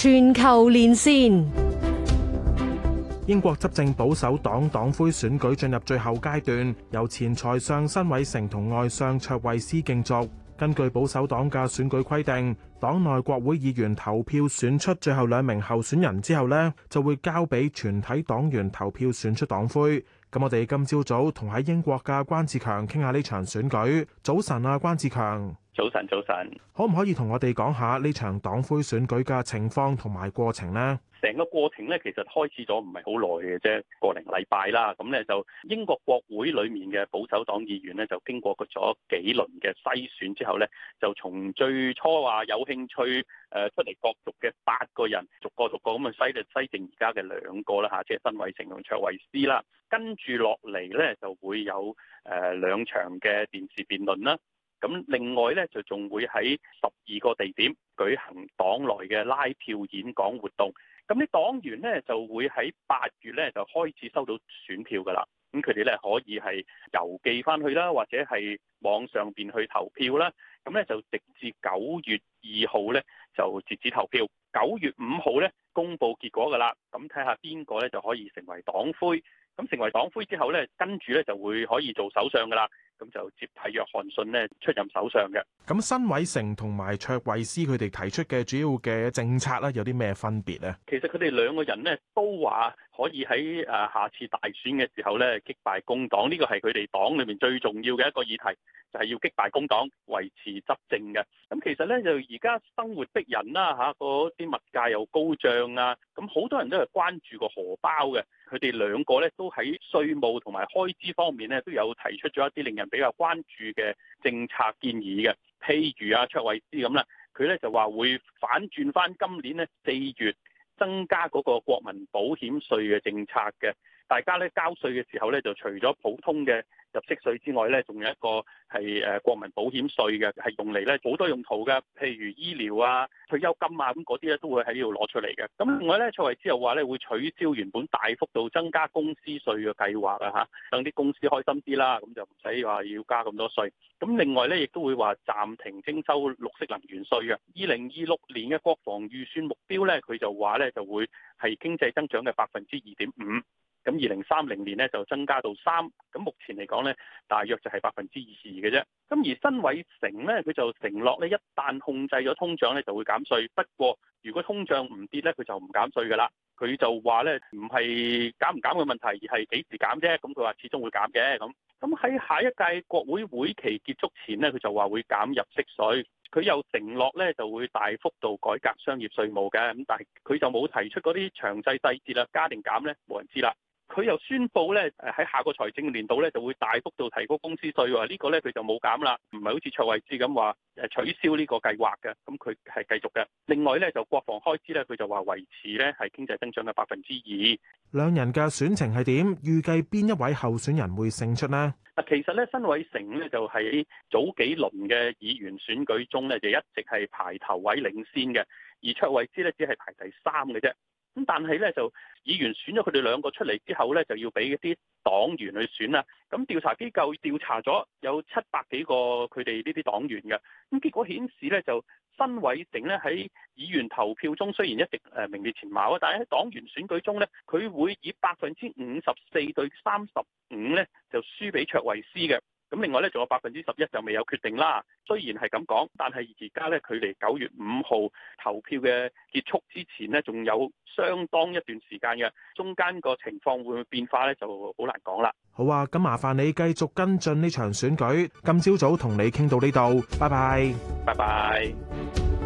全球連線，英國執政保守黨黨魁選舉進入最後階段，由前財相辛偉誠同外相卓慧思競逐。根據保守黨嘅選舉規定，黨內國會議員投票選出最後兩名候選人之後呢，就會交俾全體黨員投票選出黨魁。咁我哋今朝早同喺英國嘅關志強傾下呢場選舉。早晨啊，關志強，早晨早晨，可唔可以同我哋講下呢場黨魁選舉嘅情況同埋過程呢？成個過程咧，其實開始咗唔係好耐嘅啫，個零禮拜啦。咁咧就英國國會裡面嘅保守黨議員咧，就經過咗幾輪嘅篩選之後咧，就從最初話有興趣誒出嚟角逐嘅八個人，逐個逐個咁去篩咧篩剩而家嘅兩個啦嚇，即係辛偉誠同卓慧思啦。跟住落嚟咧就會有誒兩場嘅電視辯論啦。咁另外咧就仲會喺十二個地點舉行黨內嘅拉票演講活動，咁啲黨員咧就會喺八月咧就開始收到選票噶啦，咁佢哋咧可以係郵寄翻去啦，或者係網上邊去投票啦，咁咧就直至九月二號咧就截止投票，九月五號咧公佈結果噶啦，咁睇下邊個咧就可以成為黨魁，咁成為黨魁之後咧跟住咧就會可以做首相噶啦。咁就接替約翰遜呢出任首相嘅。咁辛偉誠同埋卓慧思佢哋提出嘅主要嘅政策咧，有啲咩分別咧？其實，佢哋兩個人咧都話可以喺誒下次大選嘅時候咧擊敗工黨呢、這個係佢哋黨裏面最重要嘅一個議題，就係、是、要擊敗工黨維持執政嘅。咁其實咧就而家生活逼人啦，吓個啲物價又高漲啊，咁好多人都係關注個荷包嘅。佢哋兩個咧都喺稅務同埋開支方面咧都有提出咗一啲令人比較關注嘅政策建議嘅。譬如啊卓慧思咁啦，佢咧就話會反轉翻今年咧四月增加嗰個國民保險稅嘅政策嘅，大家咧交稅嘅時候咧就除咗普通嘅入息稅之外咧，仲有一個係誒國民保險稅嘅，係用嚟咧好多用途嘅，譬如醫療啊、退休金啊咁嗰啲咧都會喺呢度攞出嚟嘅。咁另外咧，卓慧思之後話咧會取消原本大幅度增加公司稅嘅計劃啊，嚇，等啲公司開心啲啦，咁就唔使話要加咁多稅。咁另外咧，亦都會話暫停徵收綠色能源稅嘅。二零二六年嘅國防預算目標咧，佢就話咧就會係經濟增長嘅百分之二點五。咁二零三零年咧就增加到三，咁目前嚟講咧大約就係百分之二十二嘅啫。咁而，而辛偉誠咧佢就承諾咧，一旦控制咗通脹咧就會減稅。不過如果通脹唔跌咧，佢就唔減稅噶啦。佢就話咧唔係減唔減嘅問題，而係幾時減啫。咁佢話始終會減嘅咁。咁喺下一屆國會會期結束前咧，佢就話會減入息稅。佢又承諾咧就會大幅度改革商業稅務嘅。咁但係佢就冇提出嗰啲詳細細節啦，加定減咧冇人知啦。佢又宣布咧，誒喺下個財政年度咧就會大幅度提高公司稅，話、這、呢個咧佢就冇減啦，唔係好似卓慧思咁話誒取消呢個計劃嘅，咁佢係繼續嘅。另外咧就國防開支咧，佢就話維持咧係經濟增長嘅百分之二。兩人嘅選情係點？預計邊一位候選人會勝出呢？嗱，其實咧，辛偉誠咧就喺早幾輪嘅議員選舉中咧就一直係排頭位領先嘅，而卓慧思咧只係排第三嘅啫。咁但係咧，就議員選咗佢哋兩個出嚟之後咧，就要俾啲黨員去選啦。咁調查機構調查咗有七百幾個佢哋呢啲黨員嘅，咁結果顯示咧，就辛偉誠咧喺議員投票中雖然一直誒名列前茅啊，但係喺黨員選舉中咧，佢會以百分之五十四對三十五咧就輸俾卓慧思嘅。咁另外咧，仲有百分之十一就未有決定啦。雖然係咁講，但係而家咧，距離九月五號投票嘅結束之前咧，仲有相當一段時間嘅。中間個情況會唔會變化咧，就好難講啦。好啊，咁麻煩你繼續跟進呢場選舉，今朝早同你傾到呢度，拜拜。拜拜。